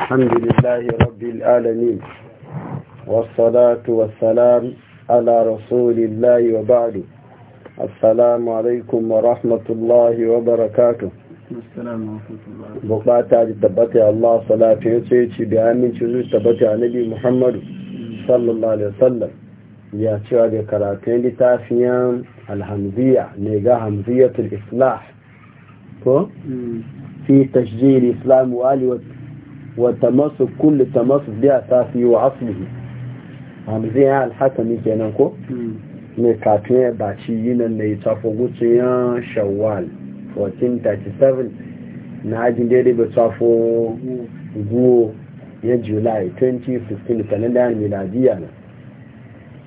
الحمد لله رب العالمين والصلاة والسلام على رسول الله وبعد السلام عليكم ورحمة الله وبركاته bukata da tabbata Allah salatu ya ce ci aminci zuwa tabbata annabi Muhammadu sallallahu alaihi wasallam ya cewa da karatun littafiyan alhamziya ne ga hamziyatul islah ko fi tashjir islam وتمسك كل تمسك بأساسه وعصبه hamziya alhakami kenan ko mai kafin ya baci nan da ya tafi guciyar shawwal 1437 na ajin daidai ba tafi guwo ya july 2015 kalendar miladiya na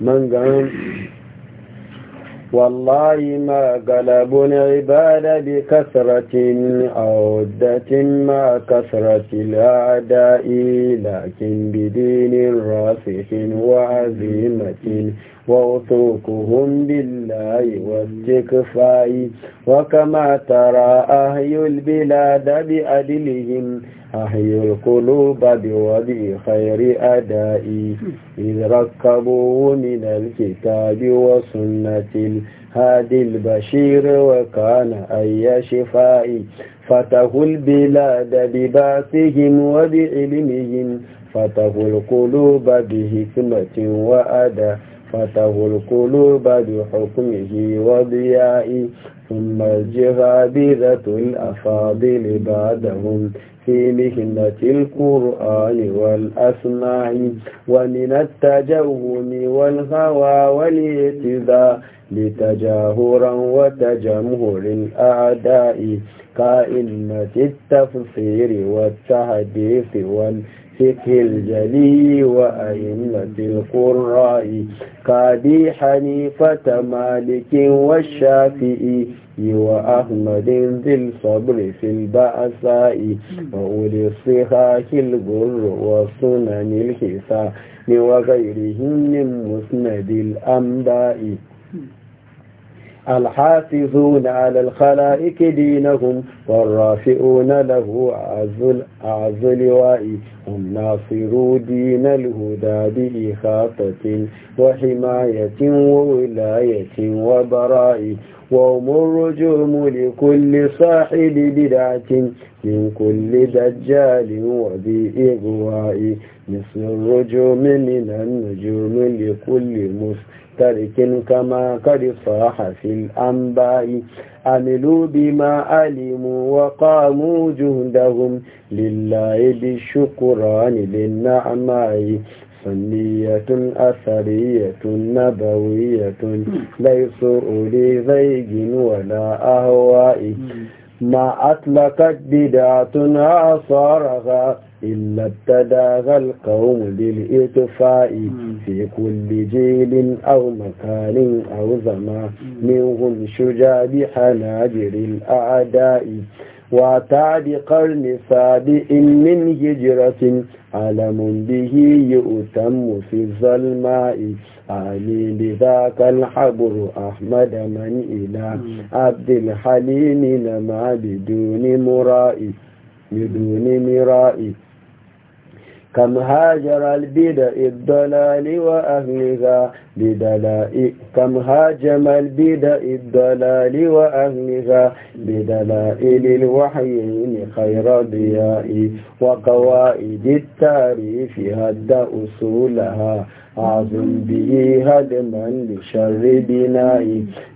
man والله ما قلب العباد بكثرة أو عدة مع كثرة الأعداء لكن بدين راسخ وعزيمة ووثوقهم بالله واستكفاء وكما ترى أهل البلاد بأدلهم أحي القلوب بوضع خير أدائي إذ ركبوا من الكتاب وسنة الهادي البشير وكان أي شفائي فتحوا البلاد بباسهم وبعلمهم فتحوا القلوب بحكمة وأداء فتحوا القلوب بحكمه وضيائي ثم الجهابذة الأفاضل بعدهم في القرآن والأسماع ومن التجهم والهوى والاعتداء لتجاهرا وتجمهر الأعداء كائنة التفسير والتحديث والتحديث فقه الجلي وأئمة القراء كابي حنيفة مالك والشافعي وأحمد ذي الصبر في البأساء وأولي الصحاح الغر والسنن الحسان وغيرهم من مسند الأنباء الحافظون على الخلائق دينهم والرافعون له أعز أعز لواء هم ناصروا دين الهدى بإخافة وحماية وولاية وبراء وهم الرجوم لكل صاحب بدعة من كل دجال وذي إغواء مثل الرجوم من النجوم لكل مسلم مشترك كما قد صاح في الأنباء عملوا بما علموا وقاموا جهدهم لله بالشكران للنعماء سنية أثرية نبوية ليس أولي ضيق ولا أهواء ما أطلقت بدعتنا صارها إلا ابتداها القوم بالإطفاء في كل جيل أو مكان أو زمان منهم شجاب حناجر الأعداء وتعد قرن سابع من هجرة علم به يؤتم في الظلماء علي بذاك الحبر أحمد من إلى عبد الحليم لما بدون مرائي بدون مرائي كم هاجر البدع الضلال وأهلها بدلائل كم هاجم البدع الضلال وأهلها بدلائل الوحيين خير ضيائي وقواعد التاريخ هد أصولها عظم به هدما لشر بناء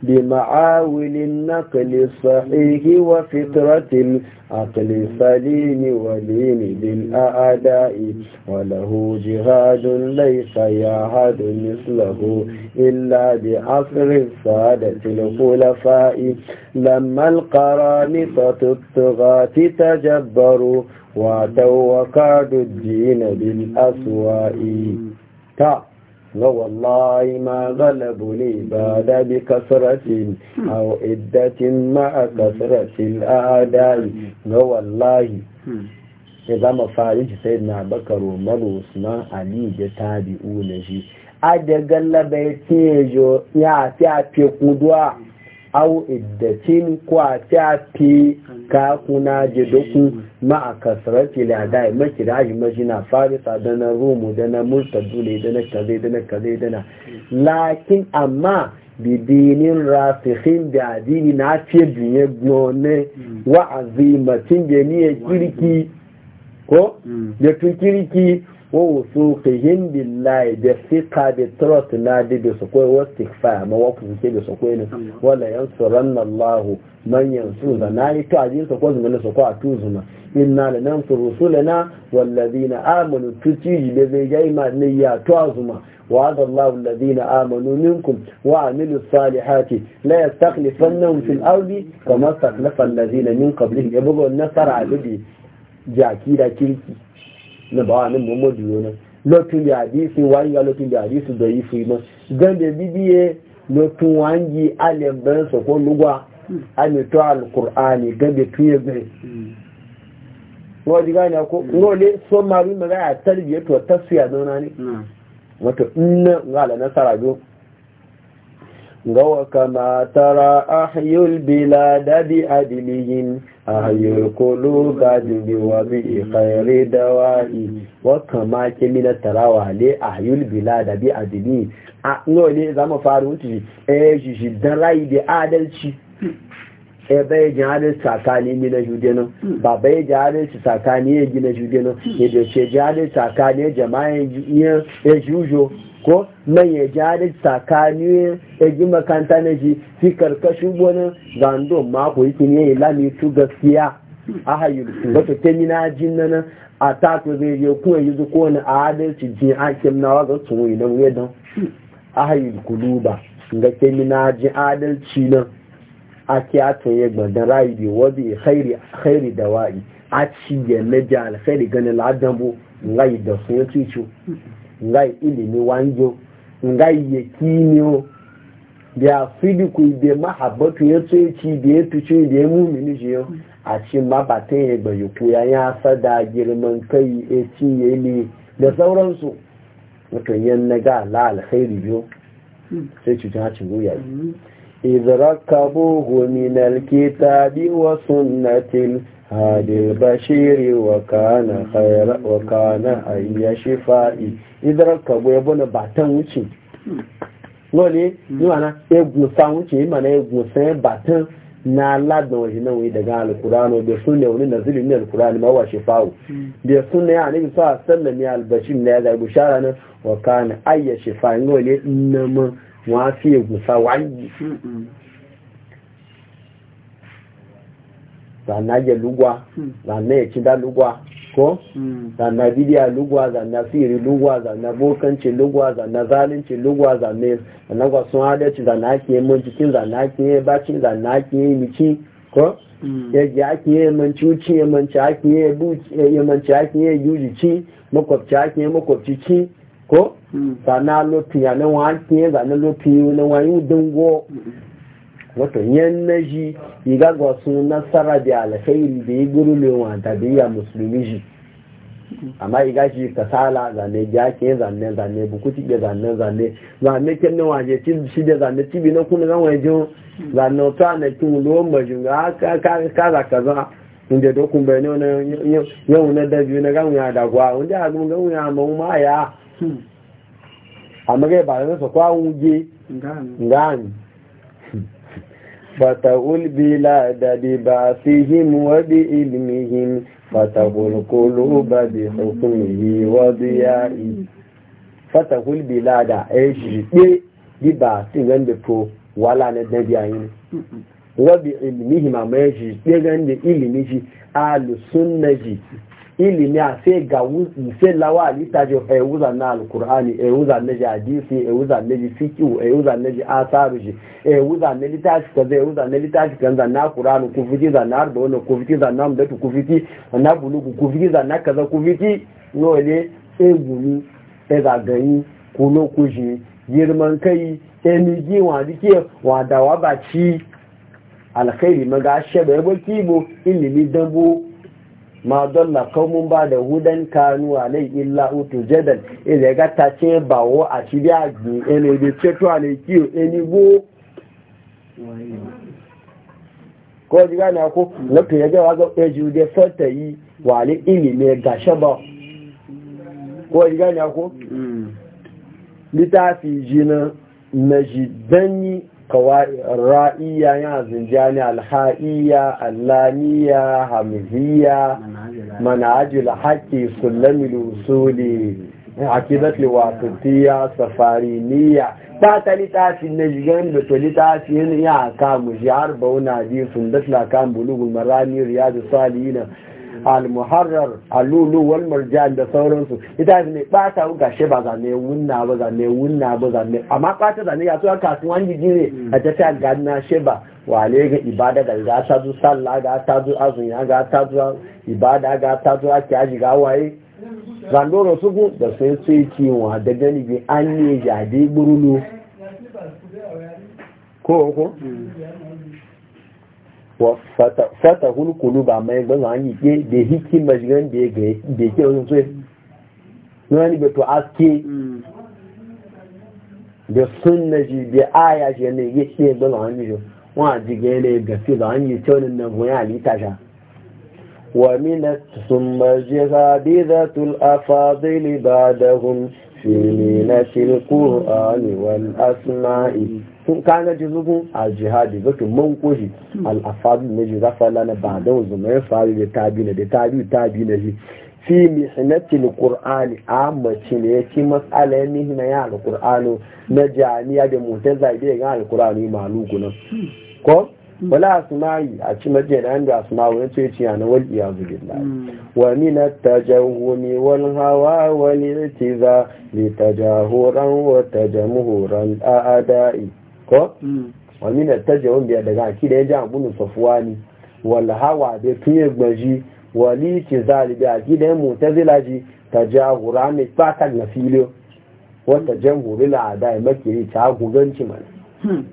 بمعاول النقل الصحيح وفترة عقل السليم ولين للأعداء وله جهاد ليس يعهد مثله إلا بعصر السادة الخلفاء لما القرامطة الطغاة تجبروا وعدوا وكادوا الدين بالأسواء ta ga wallahi ma galabu ne ba da bi kasaratin a iddatin ma a kasaratin adai ga wallahi ya zama farin shi sai na bakaro usman ali da tabi'u na shi a da gallaba ya ce ya fi a fi kuduwa au iddatin ko a fi ka kuna je doku ma a kasarati la da ma kiraji majina farisa da na rumu da na murtadu dule da na kaze da na kaze da na lakin amma bidinin rasikhin da adini na ce biye gone wa azimatin da ni ya kirki ko ya mm. tun kirki wa wasu kayin billahi da fika da trust da da sakwai wasu tikfa ma waku suke da sakwai ne wala yan manyan su da na yi to a jin sakwai zuma na sakwai a tu zuma da na wallazi na amanu tuci da gai ma ne ya to a zuma وعد الله الذين آمنوا منكم وعملوا الصالحات لا يستخلفنهم في الأرض كما استخلف الذين من قبلهم يبغوا النصر على جاكي دا na ba wani muhammadu yana lotun da hadisi wani ya lotun da hadisi da yi fi man gan da bibiye lotun wangi alemban sa ko lugwa hmm. amito alkur'ani gan da tuye gai hmm. wani gani ko hmm. ngole so maru magana a tarbiyyar to tasfiya zauna ne wato inna ngala nasara biyu ga wa kama tara ahyul bilada bi adilihim ahayu kolo ga jini wa bi ikhairi dawa'i wa kama ke mina tarawa le ahayul bila da bi adini a ngo ne zama faru wuce eh shi shi dan da adalci sai bai yi adalci tsakani mi na jude nan ba bai yi adalci tsakani ya gina jude nan ya da ce ji adalci tsakani ya jama'a ya jujo ko nan ya ji adalci tsakani ya ji makanta na ji fi karkashin wani zando mako yi ne ya lami tu gaskiya hmm. a hayyul wata temina jin na a tato zai je kuma yanzu ko wani adalci jin akim na waga tsoro idan wedan hmm. a hayyul kuluba ga temina jin adalci nan ake ato ya gbandan rayu bi wabi khairi da wa'i a ci ya leja alkhairi ganin ladan bu ngai da sun yato icho ngai ilimi wanjo ngai ya kimiyo da fidiku ibe mahabbatu ya tso ci da ya tuce da ya mumini shi yau a ci mabatan ya gbayi yoku ya sada girman kai ya ci ya ne da sauransu mutum yan na ga ala alkhairi biyo hmm. sai cutar hacin goya yi hmm. إذ ركبوه من الكتاب وسنة الهادي البشير وكان خير وكان أي شفاء إذ ركبوا يبون باتن وشي lóòlé níwàná egun sáwọn tí ìmà náà egun sẹ́yìn na aládùn na náà wọ́n ìdàgán alùkùránù bí ẹ̀sùn wani ní nàìjíríà ní alùkùránù máa wà ṣe fáwọ̀ bí ne náà àníbi sọ́wọ́ sẹ́lẹ̀ ya ga ní ẹ̀dàgbòṣára náà wọ̀ká ní ayẹ̀ ṣe fáwọ̀ wọ́n á fi ègùsà wáyé zanna je lugwa mm. zanna ya ci da lugwa ko mm. na bidiya lugwa na siri lugwa na bokanci lugwa na zalunci lugwa zanna na kwa sun adalci zanna ake yi mancikin zanna ake yi bacin zanna ake yi mici ko yaji ake yi manci uci ya manci ake yi buci ya manci ake yi yuji ci makwabci ake yi makwabci ci ko sana lotu ya nan wani tiye zane lotu yi na wani dingo wato yan na ji iga ga su nasara da alkhairi da yi guru lewa da biya musulmi ji amma iga shi kasala zane ja ke zane zane bukuti ke zane zane zane wa nan waje shi da zane bi na kuna zan waje zane ta na kin ma majin ga kaza kaza inda dokun bai ne yau na dabi na gamu ya dagwa wanda ya gamu gamu ya mauma ya amma gai ba da su kwawun ge gani fatahul bila da bi ba fi him wa bi ilmihim fatahul kuluba bi hukumihi wa bi ya'i fatahul bila da ya shirɗe bi ba fi gan da to wala ne dabi a yi wa bi ilmihim amma ya shirɗe gan da ilimi shi alusunna ilimi a sai ga sai lawa a littafi a wuza na alkur'ani a eh, wuza na ji hadisi a eh, wuza na ji fikiu a eh, wuza na ji asaru ji a wuza na littafi kaza a wuza na littafi kaza na kur'ani ku fiti za na arba wani ku fiti za na amdatu ku fiti na bulugu ku fiti za na kaza ku fiti nole egumi e zagayi ku lokushi girman kai emigi wa dike wa dawa ba ci alkhairi maga shebe ebo ilimi dambo ma dalla kaumun ba da hudan kanu alai illa utu jadal ile ga ta ce ba wo a ci da ene de ce to ale ki eni bo ko ga na ko to ya ga wa ga eju de sota yi wa ale ilime ga shaba ko ga mm. na ko fi jina na jidani ra'iya yana zinjani alha'iya allamiya hamziya manajul haƙi sulamil usuli akidat liwasitiya safariniya ba ta littafi na jigan da ta littafi yin ya kamu shi har bauna biyu sun datla kan bulugun marani riyadu Salina. al-muharrar al wal marjan da sauransu ita ne bata ga she ba zane wunna ba zane wunna ba zane amma bata zane ya so kasuwan jiji ne mm. a ta ta na she ba wale ga ibada ga ga ta zu sallah ga ta zu ya ga ta zu ibada ga ta zu akiyaji ga waye zandoro sugu da sai sai kiwa da gani bi an ne jade burulu ko ko mm. fata kulu ba mai ba an yi ke da hikin mashigan da ya gaye da ke wajen tsoye nuna ni beto aske da na ji da aya ji ne e ya ce ba an yi shi wa ji ga yana ya gafi da an yi taunin na goya halitta sha ومن ثم الجهاد ba da hun في نفس القرآن والأسماء sun kana ji zugun a jihadi zato man koji al'afadu na ji rafala na ba da wanzu mai faru da tabi na da tabi tabi na ji fi mihnatil qur'ani a mace ne ya ya mihna ya al-qur'ani na jami'a da mutar zai ga al-qur'ani maluku ko wala asma'i a ci majiyar da asma'u ya ce ciya na wal iyazu billahi hmm. wa min at-tajawumi wal hawa wal itiza li tajahuran wa a a'da'i ko hmm. wa min at-tajawum biya daga da ya ji abun safwani wal hawa da tunye gbaji wal itiza li biya da ya zila ji tajahuran ne fatan na filo wa tajamhurul a'da'i makiri ta guganci mana hmm.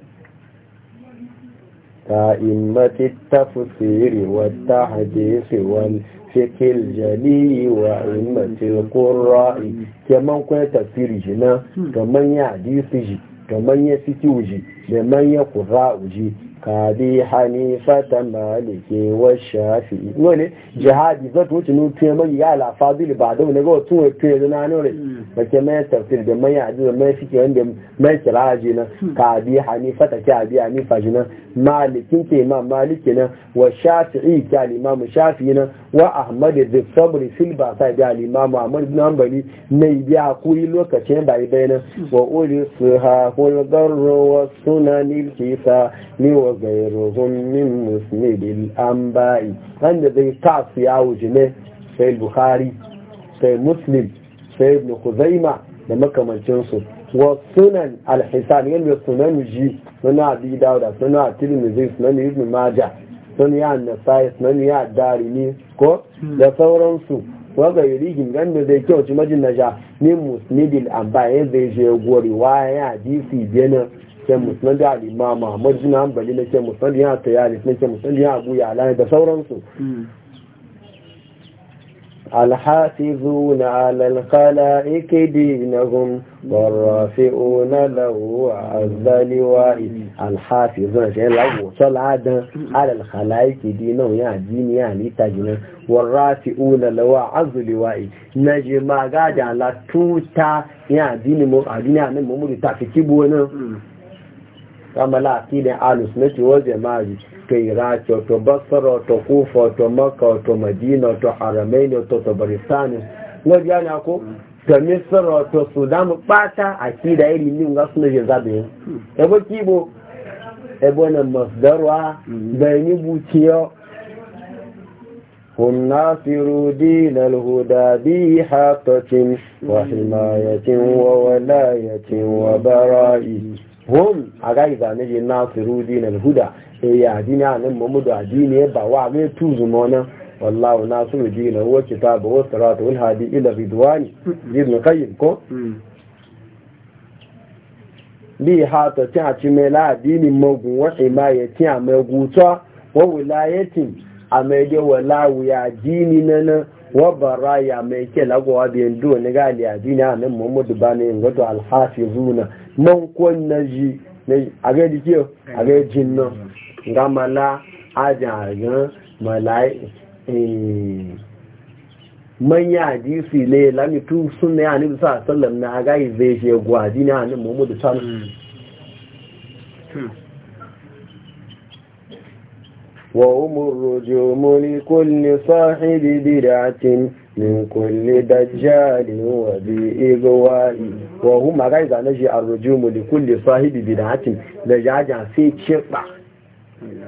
كأئمة التفسير والتحديث والفقه الجلي وأئمة القراء كما كان تفسير جنا كما يعديث جي كما يفتوجي كما يقراء جي kabi hanifata maliki wa shafi wani jihadi za tuwuce nun tuye mai ya lafa zuli ba da wani ga otu wai tuye zuna nan mai tafsir da mai yaji da mai fike wanda mai kiraji na kabi hanifata ki abi hanifa shi na malikin ke ma maliki na wa shafi yi ki alimam shafi na wa ahmadu da sabri silba sai da alimam ahmadu bin hanbali na ibi a kuri lokacin da ibe hmm. wa uli su ha kuli garo wa sunanin kisa ni wa غير ظن مسند الأنباء عند ذي تعصي عوجنه sai bukhari sai muslim sai ibn khuzaima da makamancinsu wa sunan al-hisan yanda sunan ji suna abi dauda suna tirmidhi sunan ibn majah sunan ya nasai sunan ya ko da sauransu wa gairihim ganda zai kyauci majin naja min musnidil amba ya zai je gori wa ya hadisi bena kemus na da limama majina hanbali na kemus na liya ta yari na kemus na liya abu ya alayi da sauransu hmm. alhafizu hmm. hmm. na alalkala ake dina gun barafi una lawo a zaliwa alhafizu na shi lagu saladan alalkala ake dina ya ji ni ya nita gina warafi una lawo a zaliwa na ji ma gada latuta ya ji ni mu a gina ne mu mu da tafi kibo na kamala la akidin alus na ciwon jama'i to iraki to basara to kufa to maka to madina to haramaini to tabaristani na biya ko to misra to sudan bata akida iri ni ga suna je zabe ebo kibo ebo na masdarwa da mm-hmm. ni buciyo هم ناصروا دين الهدى بحقة وحماية وولاية وبرائه wọn a ga na ne je na siru dinar huda e ya dini a a dini ba wa ga tuzu mona na siru dinar wacce ta ba wasu rata wani hadi ila ridwani na qayyim ko mm. bi hata ti mela ya ti wa wala wuya na nan wa baraya mai ke lagowa biyan duwa ni a ba man kwan na ji a ga yi kiyo a ga jin nan ga mala ajin ajin mala manya hadisi ne lamitu sun na yana sa sallam hmm. na agaghị zai shi gwaji na hannun muhammadu sanu وهم الرجوم لكل صاحب بدعة من كل دجال وبإغواء وهم غيظ نجي الرجوم لكل صاحب بدعة دجاجة في شرطة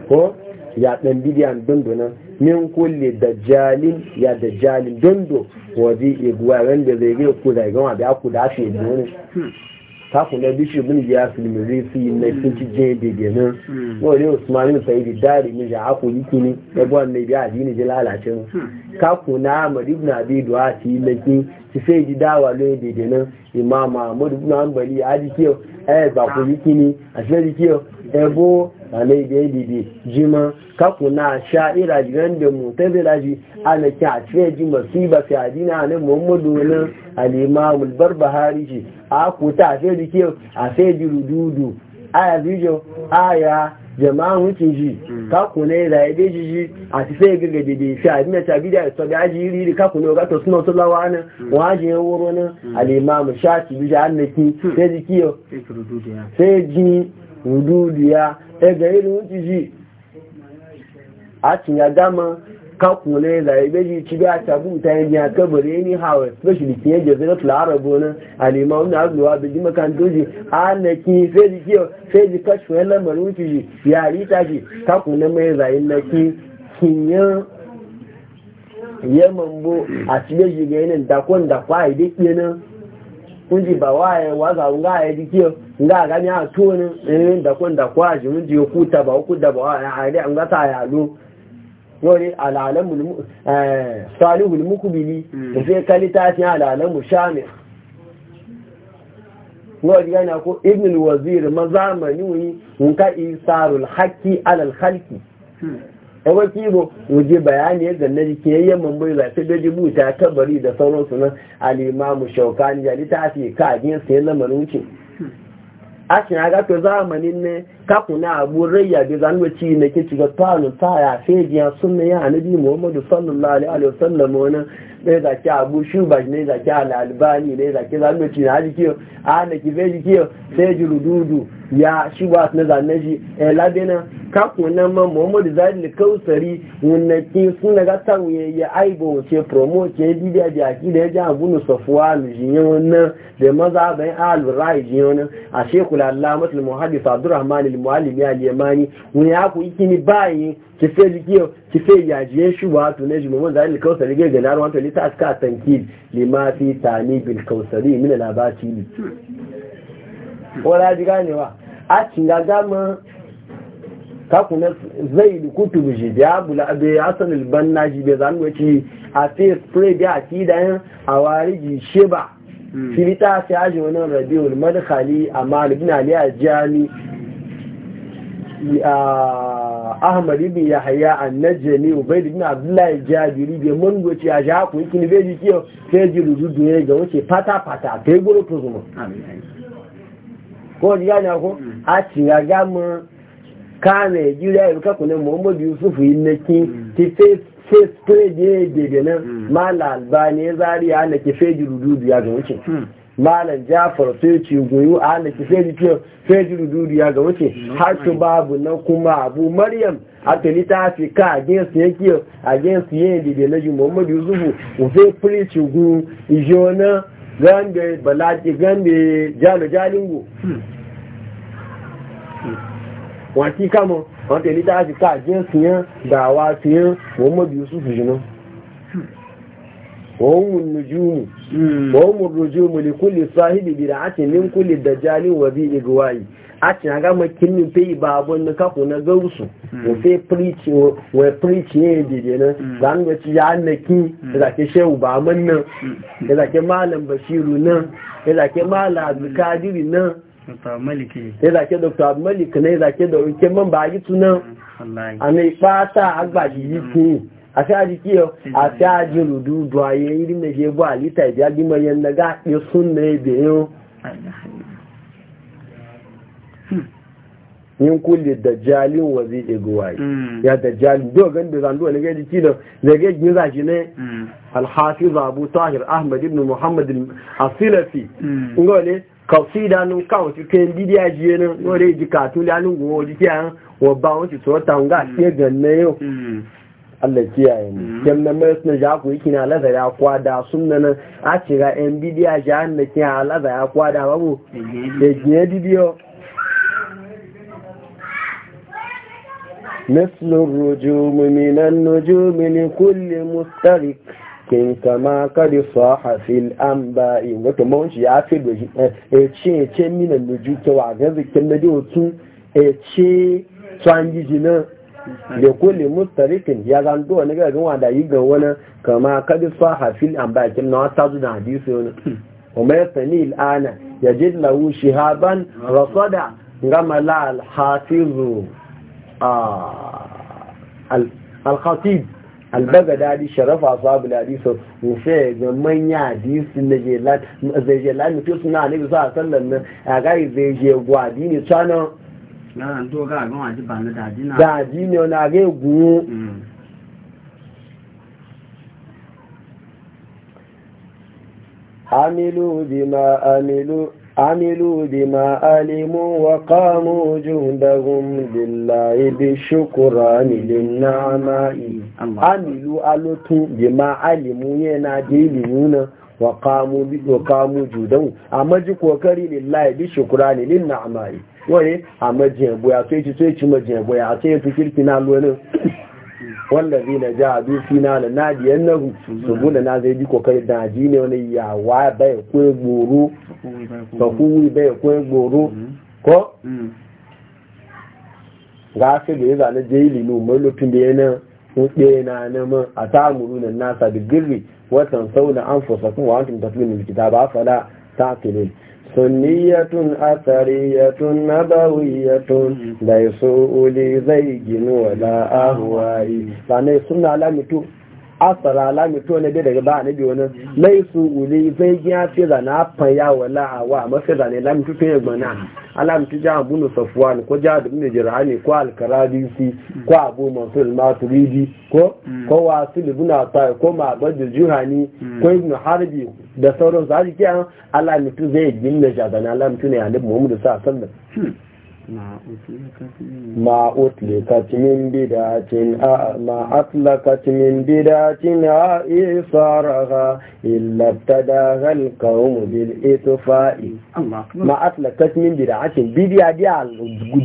ko ya ɗan dondo nan min kulle dajjalin ya dajjalin dondo waje iguwa wanda zai gai ku zai gawa da aku da ake dole taku na bishir bin ya filmi zai fi na sun ci je da gani wani ne usman yin sai da dari min ja aku yiki ne da gwan ne biya ji ne ji lalace hmm. kaku na madibna ibn duwa ti laki ki sai ji dawa lo yadda da nan imama mudu na an a ji kiyo eh ba ku yi kini a shi ji kiyo a da yadda da jima ka ku na sha ira da mu ta zira ji a na ki a cire ji masu yi ba adina a muhammadu nan a nema ji a ku ta ji kiyo a sai ji rududu jama'a wucin ji mm. kakune da ya beji ji a ti sai gaga dede fi a dina tabi da ta ga ji iri kakune ga to suna tulawa nan mm. waje ya wuro nan mm. al-imam shafi bi da annaki sai ji kiyo sai ji hududiya e ga irin wucin ji a cin ya dama kakule zai beji ci biya tabu ta yi biya kabari ni hawa especially ki yi jazira tulara gona a nema wani azuwa da ji makantoji a na ki sai ji kiyo sai ji kashi wani lamarin wuce ji yari ta shi kakule mai zai na ki kinyan yaman bo a ci beji ga yanin dakon da kwaye duk yanin kun ji ba waye waza nga ya ji kiyo nga ga ni a tonin da dakon da kwaje mun ji ta ba ku da ba a ga ta yalo yori al'alamu eh, salihul mukubili da hmm. sai kalita al'alamu shamir yori yana ko ibnul wazir mazamani wani nka isarul haqqi alal khalqi Ewa bu wuje bayani ya ganna jike yayyan mambai za ta da rubuta tabari da sauransu na alimamu shaukani ya ta fi ka ajin sai lamarin wuce ashin ya gafe zamanin ne na abu rayya da zanwaci na ke ciga tanu ta ya fejiya sunna ya anabi muhammadu sallallahu alaihi sallam wani ne zaki abu shubaj ne zaki al'albani ne zaki zanwaci na haji kiyo a na ki feji kiyo feji rududu ya shi ba na zane shi eh labena ka kuna ma Muhammadu Zahid Kausari wannan ki suna ga tawiye ya aibo ce promote ya bidiya da ya ki da ya ji abunu safuwa jiyan wannan da maza bai al-rai jiyan wannan a Sheikhul Allama al-Muhaddis Abdurrahman al-Muallimi al-Yamani wani ya ku iki ni bayi ki fe likiyo ki fe yajiye shi ba to ne Muhammadu Zahid Kausari ga ganar wato lita aska tankid lima fi tani bil Kausari min al-abati wala ne wa? a cinga gama kakunan zai kutu bushi biya bula abu ya san ilban na shi bai zanu wace hmm. a face spray biya a kidayen a wariji sheba filita ta yaji wani rabiul madkhali a malibin ali a jami ah, ahmad ibn yahya an-najmi ubayd bin Abdullahi jabiri be mun goce shi haku ku kin beji kiyo sai ji rudu ga wuce fata fata kai goro to zuma ko ji gane ko a ci ya gama ka nigeria ibi kakunan muhammadu yusufu yi na ki ti face spread ya yi daga nan mala albani ya zari ya na ki feji rududu ya ga wuce malam jafar sai ci goyo na ki wuce har su babu na kuma abu maryam a tali ta fi ka against yake against yin daga na ji muhammadu yusufu ufe preach gun gambe balaji gambe jalo jalingo hmm. wọn tí ká mọ wọn tẹ̀lé tá a ká jẹ́ síyán dàwa síyán wọ́n mọ̀ bí yusuf jùlọ wọ́n hmm. mú nùjúmù wọ́n hmm. mú rùjúmù lè kúlè sáhìbì bìrà àti ní kúlè dàjálì wà bí ìgbòwáyìí a ti na gama kini pe ba abun na kafu na gausu mm. o fe preach o we preach ne dide na mm. zan ga ci ya annaki da mm. ke shehu ba man nan da ke malam bashiru nan da ke malam abdulkadiri nan ya zake dr malik na ya zake da rike man ba yi tunan a mai fata agbaji yi ki a fi aji kiyo a fi aji rudu duwaye irin na jebu alita ibi agbimayen na ga ɗe sun na ebe yau yin kulle jalin wa zai egowaye hmm. ya da jalin dogon da zanduwa na gaji kilo da gaji gina shi ne hmm. Alhafi abu tahir ahmad ibn muhammad asilafi ngole kọsídà ní káwọn ti kẹ́ dídí ajé ní wọ́n rí ìjìká tó lé alúgbò ojú kí àwọn wọ́n bá wọ́n ti tọ́rọ tàun gá yau, Allah náà allaki ne kyan na mai suna ja ku yiki na alaza ya kwada sun na nan a cira yan bidiya ji an da kiyan alaza ya kwada babu da hmm. gina bidiyo مثل الرجوم من النجوم لكل مسترك kin kama قد صاح في amba in wato ya fi da shi e ce e ce minan da juke ga zikin da otu e na kulle mustarikin ya zan duwa na gaggan yi ga wani kama kadi saha hafi amba kin na wata zuwa hadisi wani kuma ya ya jid shihaban rasada gama la al al-khatib al-baghdadi sharafa sahabu hadisu mu sai ga manya hadisi na je lat zai je lat na ne za a sallan nan a ga zai je gwadi ne tsano na an to ga ga wani ban da dina da dina na ga gu hamilu ma amilu عملوا بما علموا وقاموا جهدهم لله بالشكران للنعماء عملوا ألوتوا بما علموا ينادي لنا وقاموا وقاموا جهدهم أما كوكري لله بالشكران للنعماء وي أما جنبوا يا سيتي سيتي ما جنبوا يا سيتي كيرتنا لونه zai na ja a dufina na nadiyan na su da na zai ji kokari da ji ne wani yawa bai kwe goro sakuwi bai kwe goro ko ga su da ya zane jeli no mai lufin da yana kuɗe na neman a muru na nasa da girri watan na an fosa kuma wani tafi ne da ba fada ta filin sunniyatun asariyatun nabawiyatun da su uli zai gini wa da ahuwa yi sanai suna alamitu asara alami to ne daga ba ne bi wani lai su wuli zai gina fi zana fan ya wala awa mafi zane lami tu fi gbana alami tu jahan bunu safuwan ko jahan da bunu ne ko alkarabisi ko abu mansur maturidi ko ko mm. wasu libuna ta ko ma jiha ni mm. ko ibn harbi da sauran su a jikin alami tu zai gina jazana alami tu ne a nabi muhammadu sa sallar ما أطلقت من بدعة ما أطلقت من بدعة إيصارها إلا ابتداها القوم بالإطفاء ما أطلقت من بدعة بدعة دي على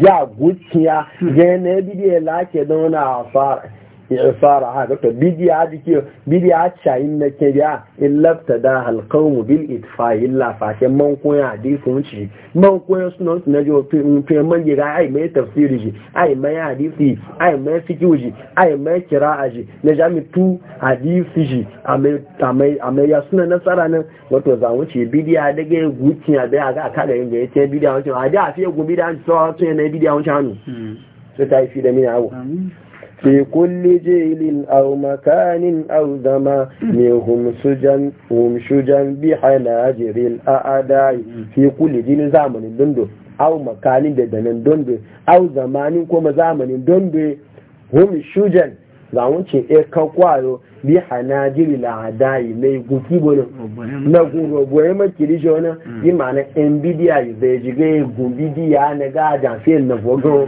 جا غوتيا جنبي دي لاكي ifara ha to bidiya dike bidiya chayin na ke biya illabta da halqawm bil itfa'i illa fa ke man ko ya di na jo pe yi ai mai tafsiri ji ai mai hadisi ai mai fiqh ji ai mai na jami tu hadisi ji amai amai wato za ci bidiya daga gutin ya da ga ka ga yin ga yace bidiya a da fi go bidiya so to ne bidiya wancan hannu sai ta yi fi da mina abu في كل جيل أو مكان أو زمان منهم سجن هم شجن بحناجر الأعداء في كل جيل زمن دندو أو مكان ددن دندو أو زمان كما زمن دندو هم شجن zawon ce e ka kwayo bi hanajiri la hadayi mai guki bonin na guro boye makiri jona bi ma'ana nbidiya zai jiga gun bidiya na gajan fiye na fogon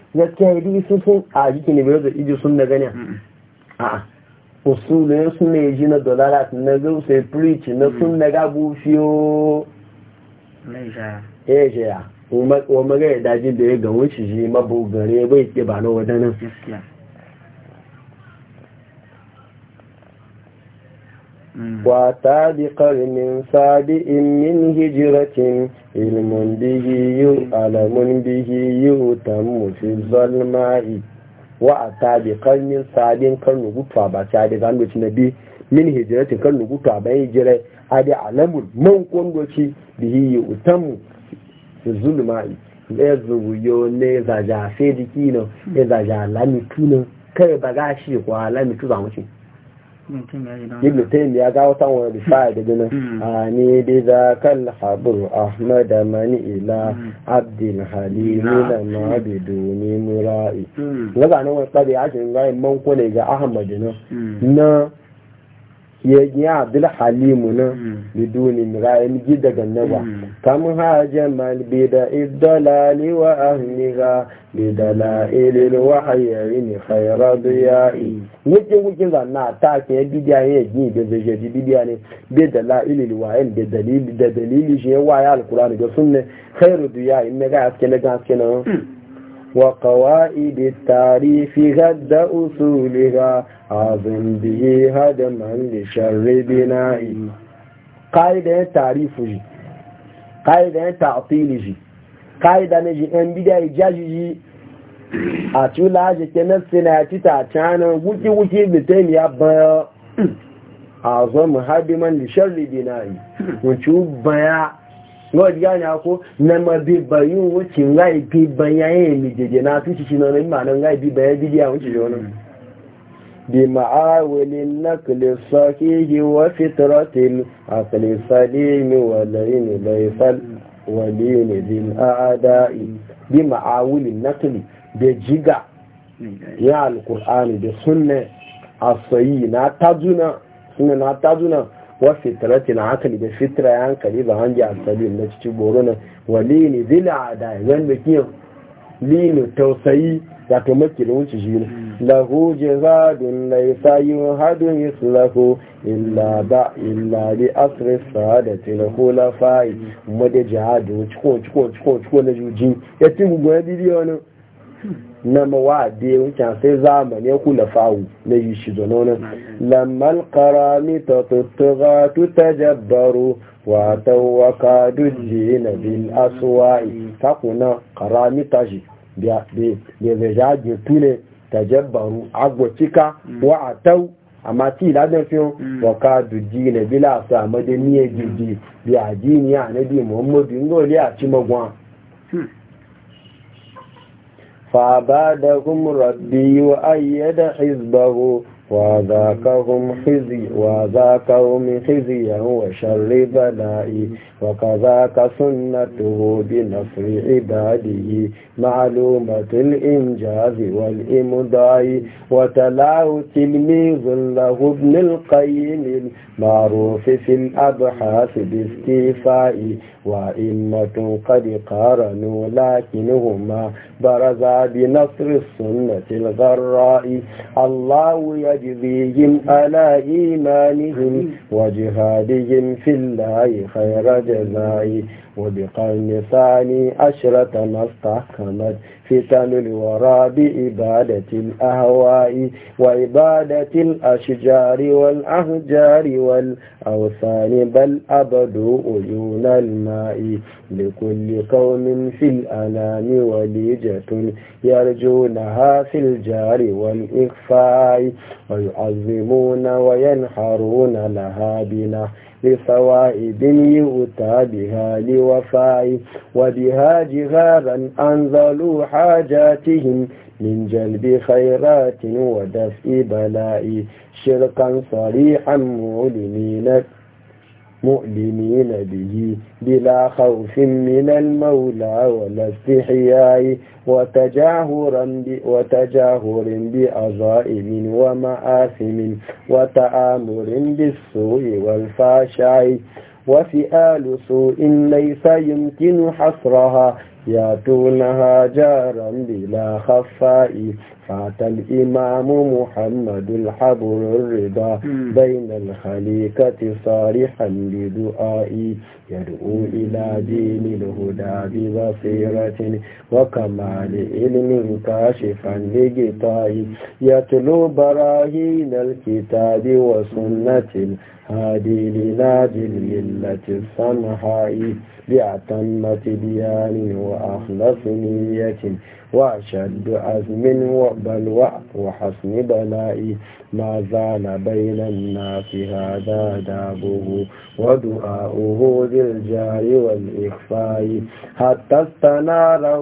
gaskiya yi sun sun a jikin ne bai iji sun na gani a usulun sun ne ji na dolara na zo sai preach na sun na gabu fiyo ya ya shaya wa magana daji da ya ga wuce shi mabogare bai ke ba na wadannan Mm. واتى قرن سابئ من هجرة علم به يؤلم به يهتم في الظلماء واتى قرن سابئ قرن غطوة باتى بقرن نبي min hijiratin kan rubuta bayan hijira a da alamun man kwandoci da yi utamu da zulma'i ya zubuyo ne zaja sai diki nan ya kai ba gashi ko lamitu zamuci ibn ya ga wata wani rifa da hmm. a ani da za kan habur ahmad mani ila hmm. abdul halim la ma bi murai hmm. ga nan wani tsari a cikin ga ne ga ahmad na ya abdul halimu na mm. biduni mirayen gida ga nawa mm. kam ha jamal bi da iddalali wa ahliha bi ni khairar duya'i mm. nake wukin zanna ta ke ya bidiya yi da zai bidiya ne bi da la'ilil wahayin da dalili da dalili shi ya waya alkurani da sunne khairar duya'i na ga aske ga aske وقوائد التعريف غد أصولها عظم به هدما لشر بنائي قاعدة تعريف جي قاعدة تعطيل جي قاعدة نجي انبدا إجاج جي أتولا جي نفسنا تعتانا وكي وكي بتيم يبا عظم هدما لشر بنائي وكي بيا wọ́n di yáni akó nẹ́mọ̀ bí bayi wọ́n ti ń láì bí bayi ayé mi jẹjẹ náà tún ṣiṣi náà ní màá náà bí bayi dídí àwọn ṣiṣi wọn náà. bí màá wẹlé nákìlẹ̀ sọ kí yí wọ́n fi tọrọ tèmi àkìlẹ̀ da jiga ya alkur'ani da sunna na tajuna wa fitratin hankali da fitra ya hankali ba hangi a salim na cikin goro na wali ne zila a da yan da kiyan lino tausayi da to makilin wuce shi ne lahu jazadun laisa hadun yuslahu illa ba illa bi asri sa'adati lahu la fa'i mu da jihadu cikon cikon cikon cikon na juji ya timu gwani bidiyo na mawade wucin sai zamani kula fawu na yi shi zanonin lammal karami ta tuttuga tuta jabbaru wata waka dujji na bin asuwa'i takuna karami ta shi da zai jage tune ta jabbaru agwacika mm. wa a tau amma ti ladan fiyo mm. wa ka dujji na bila su a madaniyar gidi bi a jiniya na bi muhammadu ingoli a ci magwa hmm. فعبادهم ربي وأيد حزبه وذاكهم خزي وذاكهم خزيا وشر بلائي وكذاك سنته بنصر عباده معلومة الإنجاز والإمضاء وتلاه تلميذ له ابن القيم المعروف في الأبحاث باستيفائي وإمة قد قارنوا لكنهما برزا بنصر السنة الغراء الله يجزيهم على إيمانهم وجهادهم في الله خير جزائي وبقرن ثاني عشرة ما استحكمت فتن الورى بإبادة الأهواء وإبادة الأشجار والأحجار والأوثان بل أبدوا عيون الماء لكل قوم في الأنام وليجة يرجونها في الجار والإخفاء ويعظمون وينحرون لها بنحر لصوائب يؤتى بها لوفاء وبها جغارا أنزلوا حاجاتهم من جلب خيرات ودفء بلاء شرقا صريحا معلمين مؤلمين به بلا خوف من المولى ولا استحياء وتجاهرا وتجاهر بعظائم ومآثم وتآمر بالسوء والفاشع وفئال سوء ليس يمكن حصرها ياتونها جارا بلا خفاء فات الإمام محمد الحبر الرضا بين الخليقة صارحا لدعائي يدعو إلى دين الهدى ببصيرة وكمال علم كاشفا لغطائي يتلو براهين الكتاب وسنة هادي لنادي الملة السمحاء بأتمة ديان وأخلص نية وأشد عزم وبلوى وحسن بلائي ما زال بين الناس هذا دابه ودعاؤه ذي الجار والإخفاء حتى استنار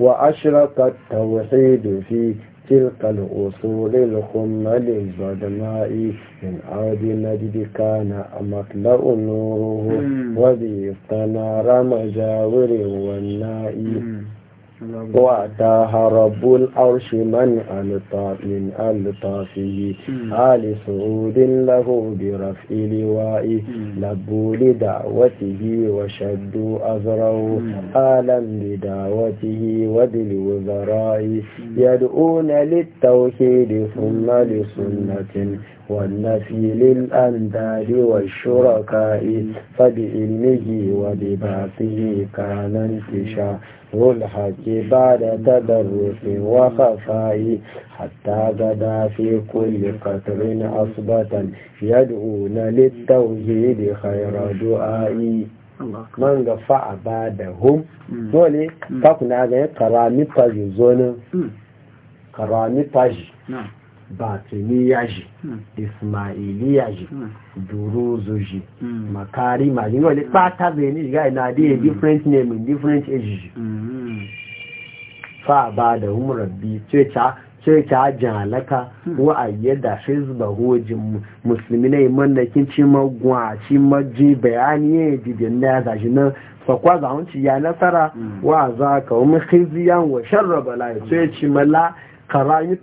وأشرق التوحيد في تلك الأصول الخم للبدماء من عاد نجد كان مكلأ نوره وذي استنار مجاور والنائي وأتاها رب الأرش من ألطى من ألطافه آل سعود له برفع لوائه لبوا لدعوته وشدوا أزره آلا بدعوته وبالوزراء يدعون للتوحيد ثم لسنة والنفيل الأنداد والشركاء فبعلمه وبباطه كان انتشار الحق بعد تدرس وخفاء حتى بدا في كل قطر أصبة يدعون للتوحيد خير دعائي من ga fa'aba دولي فقنا dole كرامي طاجي زونا كرامي طاجي zonin batiniya ji hmm. ismailiya ji hmm. duruzu ji hmm. makari wani pata zai ni gai na dai different name in different age ji fa ba da umarabbi bi ceca sai jalaka wa ayyada shizba hojin musulmi ne mallakin ci magwaci maji bayani ya yi na ya zaji nan za zaunci ya nasara wa za ka wani hiziyan wa sharra bala ya ce ci mala kara yi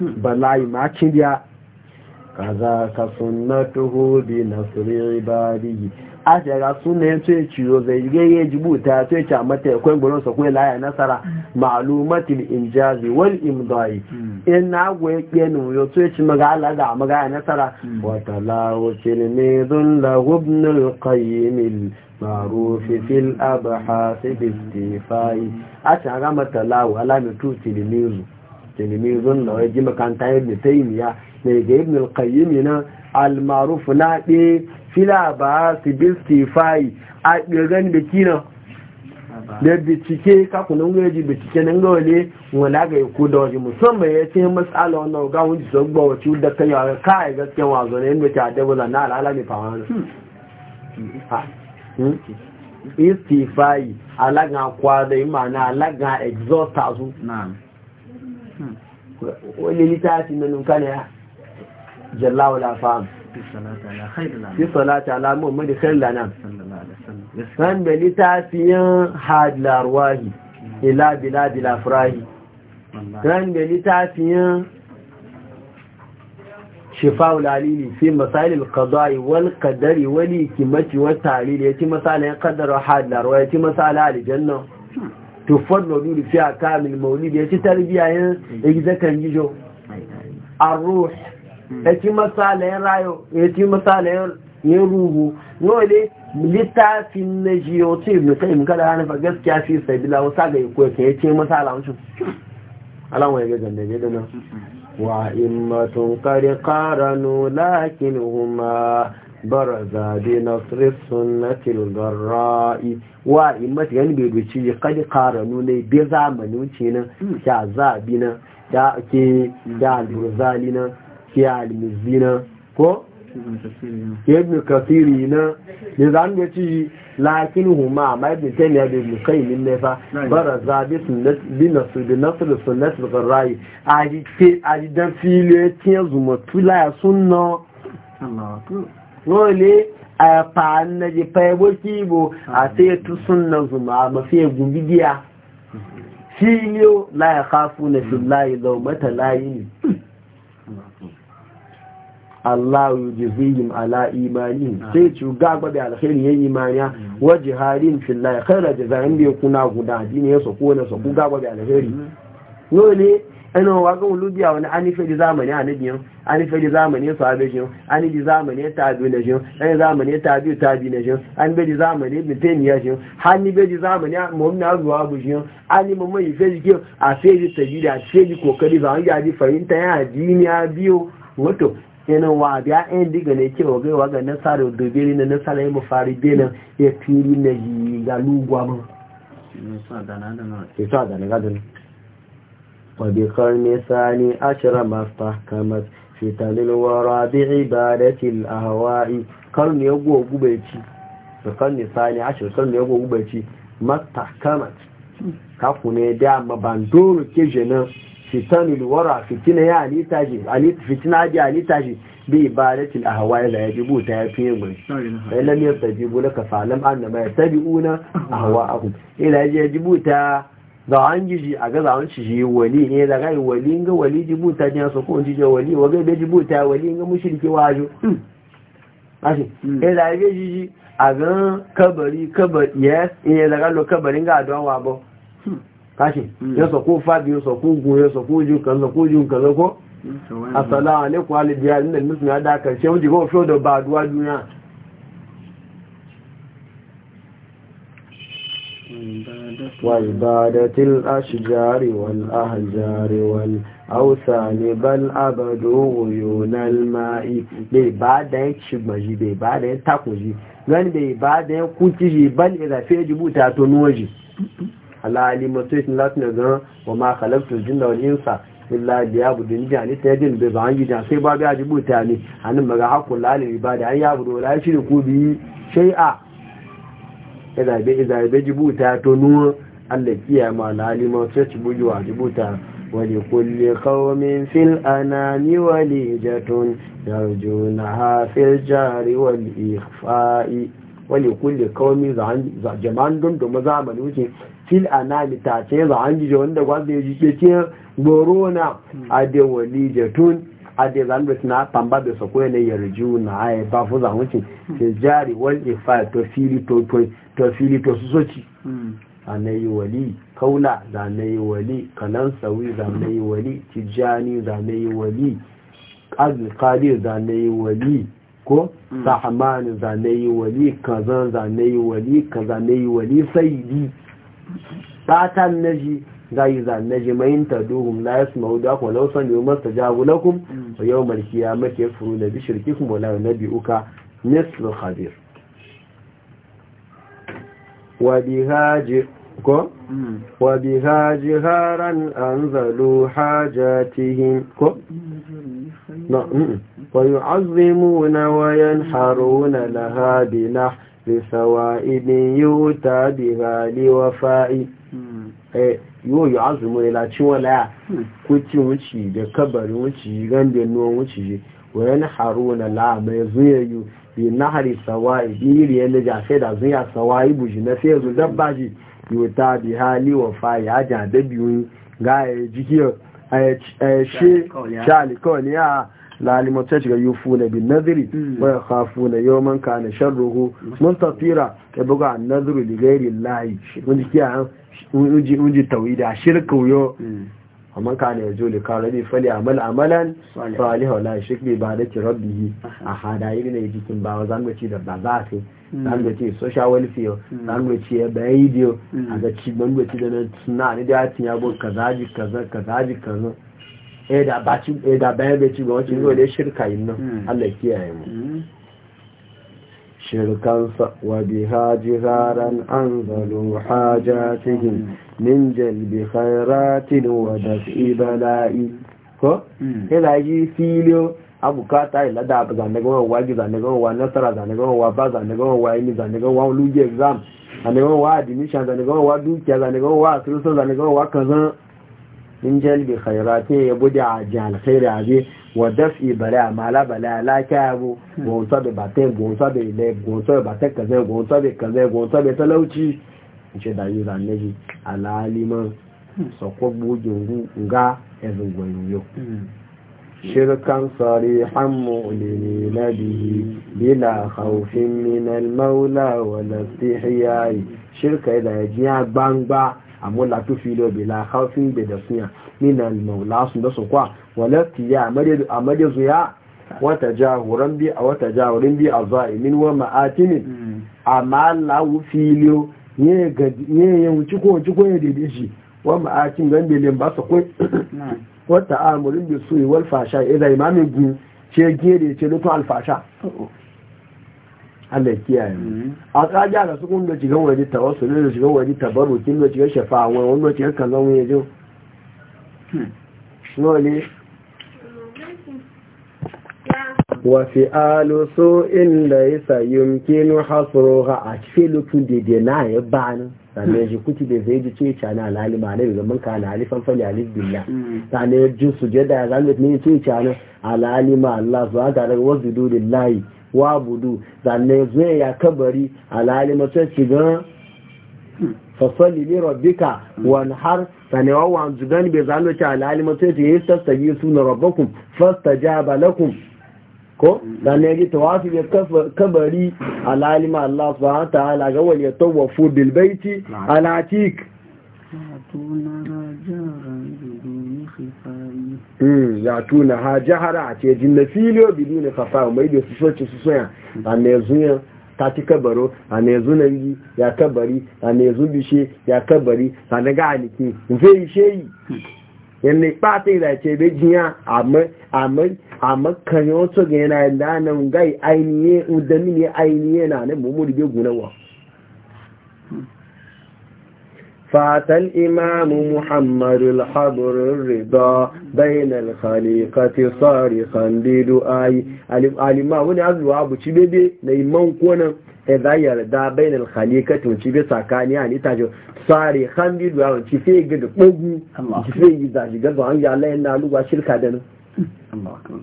bala'i makiliya kidiya kaza ka sunnatuhu bi nasri ibadihi a shara sunayen su ya zai ya jibuta su ya camata ya kwan gwanon sa kwai laya nasara ma'alumatin injazi wal imdai in na gwaye kenu ya su ci magala da magaya nasara wata lawo cilmizun lahubnul qayyimil معروف في الأبحاث a أشعر متلاو lawu alamitu لميزو tilmizun na waje makanta ibn taymiya ne ga ibn al-qayyim na al-ma'ruf na de fila ba su bistifai a ɗirgan da kina da bincike kakunan gaji bincike nan ga wale wala ga ku da waje musamman ya ce matsala wannan ga wani zogba wace da kan yawa kai gaskiya wazo ne inda ta da wala na alala ne fawa ne istifai alaga kwada imana alaga exhaust azu na'am Hmm. wani littafi na nunkana ya jallawa la fa'am fi salata ala muhammadu nan san da littafiyan hadlarwahi hmm. ila biladi furahi san da littafiyan shifa alili fi masalil qada'i wal qadari wal hikmati wat ta'lil yati masalan qadara ya yati masalan aljanna hmm. to fanno duri fi akamil maulidi ya ci tarbiya yin igiza kan gijo arruh ya ci masalayen rayo ya ci masalayen yin ruhu yole littafin na jiyo ce mai sai mun kada hanafa gaskiya fi sabila wasa ga iko ya ce masala wancin alamun ya ga ganda da nan wa immatun kare karanu lakin huma bar zabe nasirin sunnatin garra'i wa imat yan bai duci kan karanu ne bai zamani wuce nan ya zabi nan da ke da alburzali nan ke almizi nan ko yadda kafiri na. ne za mu ci lakin huma ma ibn taymiya bai mu kai min ne fa bar zabe sunnatin sunnatin garra'i a ji dan filiyar tiyan zumatula ya sunna Allah, wole a fa'an na je faibo kibo a sai tu sunnan zuma a mafi gumbi biya filiyo na ya kafu na fillahi zaumata layi ne Allah yujzihim ala imani ah. sai ci gagba da alkhairi yayi imaniya mm. wa jihadin fillahi khaira jazaa'in bi kuna guda dine ya sako na sako gagba da alkhairi dole mm. ina wa ga ulubiya wani anife di zamani a nabiyan anife di zamani sahabe shi an di zamani tabi na shi ani zamani tabi tabi na shi an be di zamani ibn taymiya shi hani be di zamani mummuna azwa bu shi an ani mummuna yi fe ki a fe di tabi da fe di kokari ba an ya fahimta ya jini ya biyo wato ina wa biya en diga ne ke wa wa ga nasarar dobiri na nasarar yi mafari bena ya fili na yi ga lugwa mu isa da na da na isa da na وبقرن ثاني أشر ما استحكمت في تل الورى بعبادة الأهواء قرن يقوى قبيتي بقرن ثاني أشر قرن يقوى قبيتي ما استحكمت كفنا دعم بندور كجنا فتن الورى فتن يعني تاجي فتن عجي يعني تاجي بإبادة الأهواء لا يجب تأثير فإن لم يستجيبوا لك فاعلم أن ما يتبعون أهواءهم إلا يجب تأثير da an ji a ga zaun an ci shi wali ne da gai wali ga wali buta ne su ko ji wali wa ga buta wali ga mushriki wajo hmm. ashi hmm. eh da ga ji a ga kabari kabari yes eh da ga lo kabari ga don wa bo hmm. ashi ya so ko fadi so ko gun ya so ko ju kan so ko ju kan ko assalamu alaikum wa alidiyar inda musulmi da karshe wuce ga ofo da ba duwa duniya وعبادة الأشجار والأحجار والأوثان بل عبدوا عيون الماء بعد شبجي بعد تاكوجي غن بعد كوتجي بل إذا في جبوتا تنوجي alali mutum latin zan wa ma khalaqtu jinna wal insa illa liyabudun jani ta yadin bai ba hangi jan sai ba ga jibuta ne anan maga hakku lalil ibada an yabudu la shirku bi shay'a ya zaɓe ya zaɓe jibuta ta nuwa allah kiyama na halima sai ci buji wa jibuta wani kulle kawomin fil anani wa lijatun ya rujo na hafil jari wani kulle kawomin jaman don doma zamani wuce fil anani ta ce za an jije wanda gwazda ya jike ce gorona hmm. da wa ade zan bi na pamba be so ko ne yarju na ai ba fu zan wuce ke jari wal ifa to fili to to to fili to su soci hmm. anai wali da nai wali da nai wali da nai wali da nai wali ko da hmm. nai wali da nai wali kaza nai wali sayyidi batan naji zai za na jimayin ta duhun la yasu mahuda kuma lau san yiwu masu jabu na kun a yau marki ya make furu da bishir kifin wala da na biyu ka nislu khabir wa bi haji mm. haran an zalu hajatihin ko wa yi azimu na wayan haruna na hadina bisa wa idin yi wuta bi hali wa fa'i yóò yọ azùmọ̀ ìlà tí wọ́n láyà hmm. kó tí wọ́n ci da kabari wọ́n ci gandun nuwan wọ́n ci wọ́n haruna la'amma ya zuya yi bi nahari sawa'i bi iri yadda jafe da zuya sawa'i bushi na sai zu dabba shi yota bi hali wa fa ya ja da biyu ga jikiyar a ya ce shi ya lalima ta shiga yufu na bin naziri waya kafu na yau man ka na sharruhu mun tafira ya buga a da gairi layi mun ji unji tawida shirka wuyo amma ka ne yazo li kare ne fali amal amalan salihu la shirki ba da rabbihi a hada yi ne jikin ba zan ga ci da ba za ka zan ga ci social welfare zan ga ci ba video a ga ci ban ga ci da na ne da ya tinya go kazaji kaza ji kaza e da bayan bai ci wacin hmm. da shirka yin nan hmm. Allah kiyaye mu hmm. shirkan wa biha haja cikin khairatin wa bala'i ko yi abukata ilada zane wa zane nasara zane wa zane wa zane wa exam min jalbi khairati ya budi a jihar khairi a je wa dafi bala mala bala la bu gonsa da batai gonsa da ile gonsa da batai kaza gonsa da kaza gonsa da talauci ce da yi zanne shi alaliman sako bugin ga ezin gwayoyo shirkan sarihan mu'lini na biyu bila haufin minal maula wa lastihiyayi shirka da ya jiya gbangba amma la to filo bi la khawfin bi da sunya min al mawla sun da su kwa wala tiya amade amade zuya wa tajahuran bi aw tajahurin bi min wa ma'atimin amma la filo ne ga ne ya wuci ko wuci ko ya dede shi wa ma'atin gan belen ba su ko wa ta'amurin bi su'i wal fasha idan imamin gu ce gede ce lutu al fasha Allah ya kiyaye mu mm-hmm. a tsaja da su kun da shigan waje ne da shigan waje kin da shigan shafa'a wani wani shigan kazan wani yajo ne wa fi alu so in da yasa yumkinu hasruha a filu tun dede na ya ba bani sannan shi hmm. kuti da zai ji ce na lalima ne daga mun ka alifan fali alif billah sannan hmm. ya ji su sujada ya zalmi ne ce na alalima Allah su haka daga wasu dudu lillahi wa budu zane zuwa ya kabari alhali mace shiga fasali ne rabbika wani har sanewa wa zugan bai zano ce alhali mace ce ya yi sassage suna rabbakun fasta ja balakun ko zane ya ji wasu ya kabari alhali ma Allah su ba ta ala ga wani ya tawo fu bilbaiti alatik Tuna rajaran Hmm, ya tuna ha jahara a ce jin na filo bidu ne kafa mai da su su soya a na yanzu ta ci kabaro a na yanzu yi ya kabari a na yanzu bishe ya kabari a na ga aliki zai yi sheyi ba ta yi da ce bai jiya a makanyo ga yana da nan gai ainihin udamini ainihin na na mummuri bai gunawa فات الإمام محمد الحبر الرضا بين الخليقة صارخا بدعاء يعني الإمام هنا أبو أبو تشبيبي نيمان كونا إذا يرضى بين الخليقة وتشبي ساكاني يعني تاجو صارخا بدعاء وتشفي قد قوه وتشفي يزاجي قد وعنجي الله إنه لغا شركة الله أكبر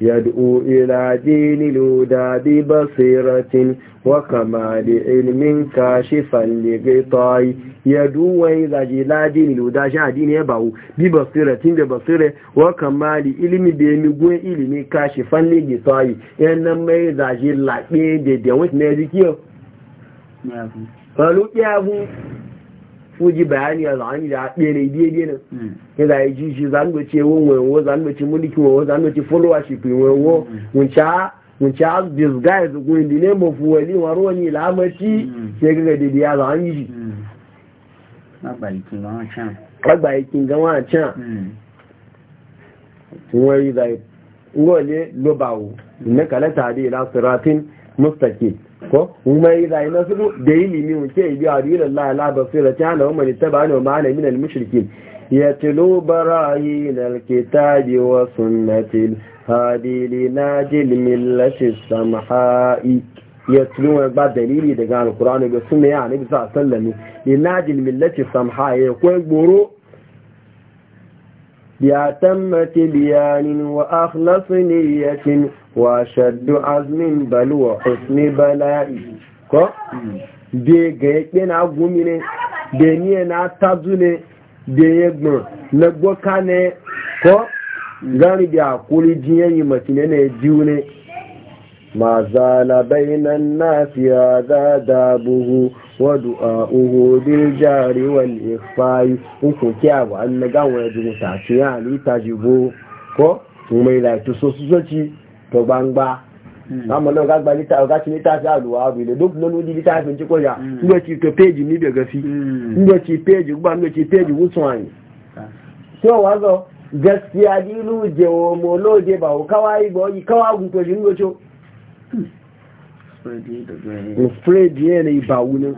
يدعو إلى دين الهدى ببصيرة وكمال علم كاشفا لغطاي يدعو إلى دين الهدى شاء دين يبعو ببصيرة ببصيرة وكمال علم بيمقوي علم كاشفا لغطاي إنما إذا جلت بيدي وإنما يذكيه قالوا يا أبو fuji bayani hmm. a zani da ɗere daidai nan ya da yi ji shi zan wo wun wayo zan doce mulki wo zan doce followership wayo wunca wunca disguise gun di ne mu fuwali waro ni lamaci sai ga daidai ya zan yi shi hmm. agba ikin gama a can wọ́n yi zai ngọ́ọ̀lẹ́ lọ́bàwò ní kàlẹ́ta àdé ìlà siratin mustaqim ko yi zai na su da yi limi wuce bi a rira ya la basira ta na umma ta ba ne ma ana min al mushrikin yatlu na al kitabi wa sunnati hadi li najil millati samha'i wani ba dalili daga alqur'ani ga sunna ya annabi sallallahu alaihi wasallam li najil millati samha'i kwai goro. بأتم تبيان وأخلص نية وأشد عزم بل وحسن بلاء دي يكين أغومين بينيين أتازولين بيغم نبوكاني ko gani da hakuri jiyan yi matine ne jiwu ne ma zala bainan nafiya za da wadu'a'uhu bil jari wal ikhfa'i in ko kiya ba an naga wa ya la to gbangba hmm. amma nan gagba ni ta ga ci ni ta sa duwa bi le duk nan ni ta fin ci ko ya hmm. ndo ci to page ni be gafi hmm. ndo ci page gba ndo ci page ani ah. so wa zo gaskiya dilu je o mo lo je ba kawai bo yi kawagun to jingo cho mufred yanayi ba wunin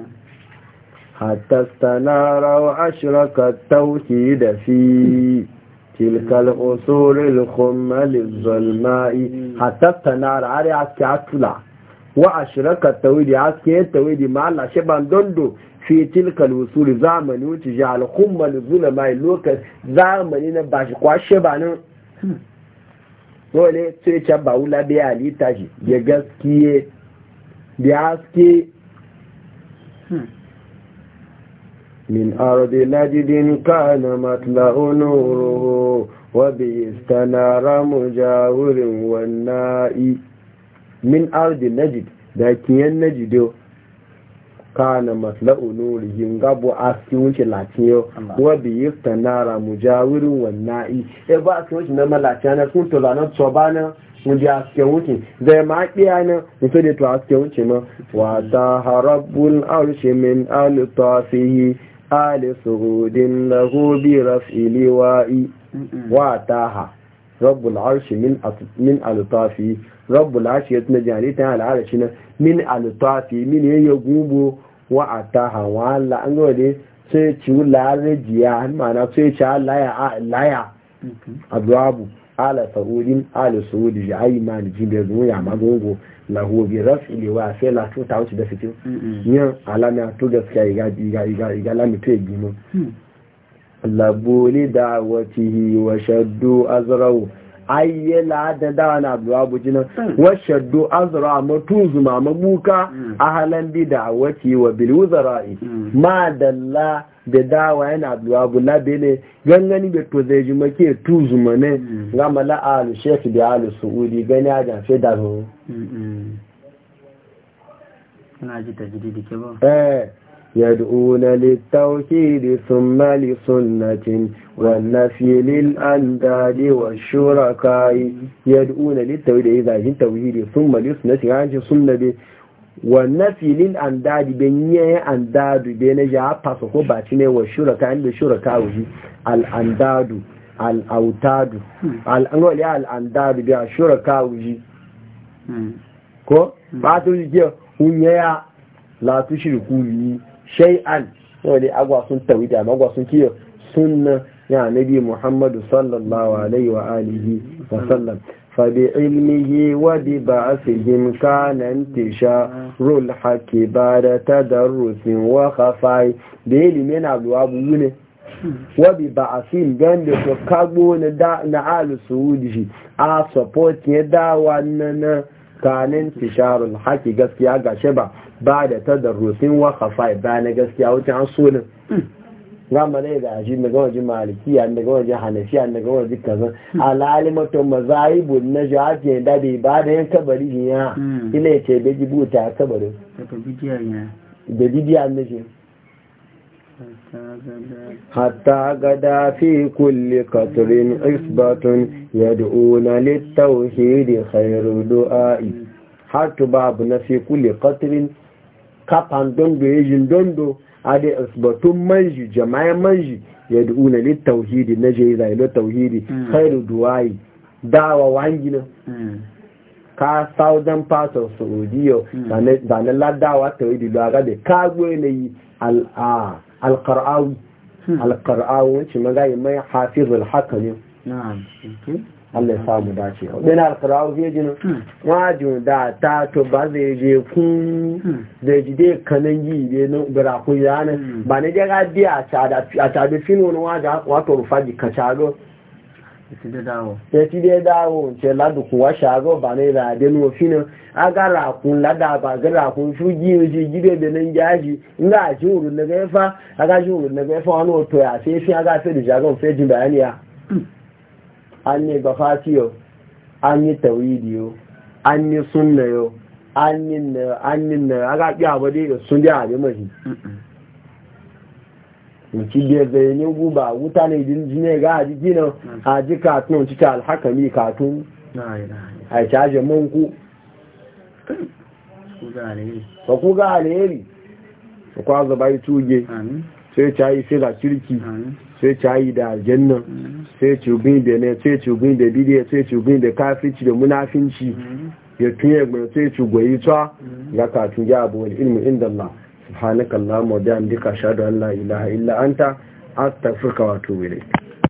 hatta stanara ashiraka tauki da fi tilkal usulil khummalil zalma'i hatta aske atula wa ashiraka aske shi bandondo fi tilkal zamani wuce ji zamani na bashi kwashe ba nan dole sai ba wula bai da haske hmm. min ardi najidin kana matla'u nuruhu wa bi istanara mujawirin wanna'i min ardi najid da kiyan najido kana matla'u nurihim gabu aske wuce latiyo wa bi istanara mujawirin wanna'i e ba aski wuce na malaciya na sun tolana mu je aske wuce zai ma ɗiya na mutu da to aske wuce ma wa ta harabbul arshi min alitafihi ali suhudin lahu bi rafili wa i wa ta ha rabbul arshi min alitafihi rabbul arshi ya tuna jani ta al'ada shi na min alitafihi min ya yi gubo wa a ta ha wa ala an gaba da sai ci wula rajiya ma'ana sai ci laya laya mm-hmm. abu abu ala sa'udin ala sa'udi da ayi ma ni jibe ya magungo na hobi rafi wa sai la tuta wuce da fitin yin alama to gaskiya iga iga iga iga lami to yi mu hmm. labuli da wa shaddu azrawu la da dana abuwa hmm. wa shaddu azra matuzu ma mabuka hmm. a halan wa wati wa hmm. ma dalla da dawa yana abuwa bula bele gangani be to zai ji make tuzu ne ga mala alu shek bi alu suudi gani a jafe da zo Ana ji ta ke ba? Eh, يدعون للتوحيد ثم لسنة والنفي للأنداد والشركاء يدعون للتوحيد إذا جن توحيد ثم لسنة عن سنة والنفي للأنداد بنية أنداد بنجا أباسكو باتنه والشركاء عند بالشركاء الأنداد الأوتاد الأنوال يا الأنداد بالشركاء الشركاء ba ta wuce kunye ya latu shirku yi shay'an dai agwa sun tawida magwa sun kiyo sunna ya nabi muhammadu sallallahu alaihi wa alihi wa sallam fa bi ilmihi wa bi ba'sihim kana intisha rul haqi ba'da tadarrusin wa khafai bi ilmi na duwa buune wa bi ba'sihim gande ko kago na da na alu suudi a support ne da wannan kana intisha rul haqi gaskiya ga ba. ba da tadarrusin wa khafai ba na gaskiya wuce an so ne gama ne da shi daga waje malikiya daga waje hanafiya daga waje kaza alalimatun mazahibun na shafi da bai ba da yan kabari ne ya hmm. ina ce da jibuta a kabarin da bidiya hmm. na shi حتى غدا في كل قطر إثبات يدعون للتوحيد خير kafan dondo ya e dondo a da isbatun manji jama'a manji ya du'una lit tauhidi na je zai lo tauhidi mm. khairu du'ai dawa wangina mm. ka southern part of saudi mm. da na ladawa tauhidi lo aga da kagwe ne yi alqar'awi hmm. alqar'awi wacce magayi mai hafizul haka ne Allah ya samu dace yana alkarawo zai jini hmm. wajin da ta to ba zai je kun hmm. zai ji dai kanan yi ne na birakun yanar hmm. ba na jaga biya a tabi fin wani wajen wato rufa jika shago ya ti dai dawo ce ladu kuwa shago ba na ila da nufi ne a ga rakun lada ba ga rakun su giyo shi gibe da nan jaji inda a ji wurin na gaifa a ga ji wurin na gaifa wani wato ya sai shi a ga sai da shagon sai jin bayaniya an yi gafatiyo an yi tawidiyo an yi an yi na an yi na abu dai sun da abi mahi mutum da zai ndị wuta ne din na ga aji gina mm-hmm. aji katun cikin alhakami katun a caje manku ba ku ga alheri ba kwa zaba yi tuge sai ta yi sai da sai ci ayi da aljanna sai ci ubin da ne sai ci ubin da bidiya sai ci ubin da kafici da munafinci ya tuye gbe sai ci goyi tsa ya katu ya abu wani ilmi inda Allah subhanakallahumma wa bihamdika ashhadu an la ilaha illa anta a tafi atubu wile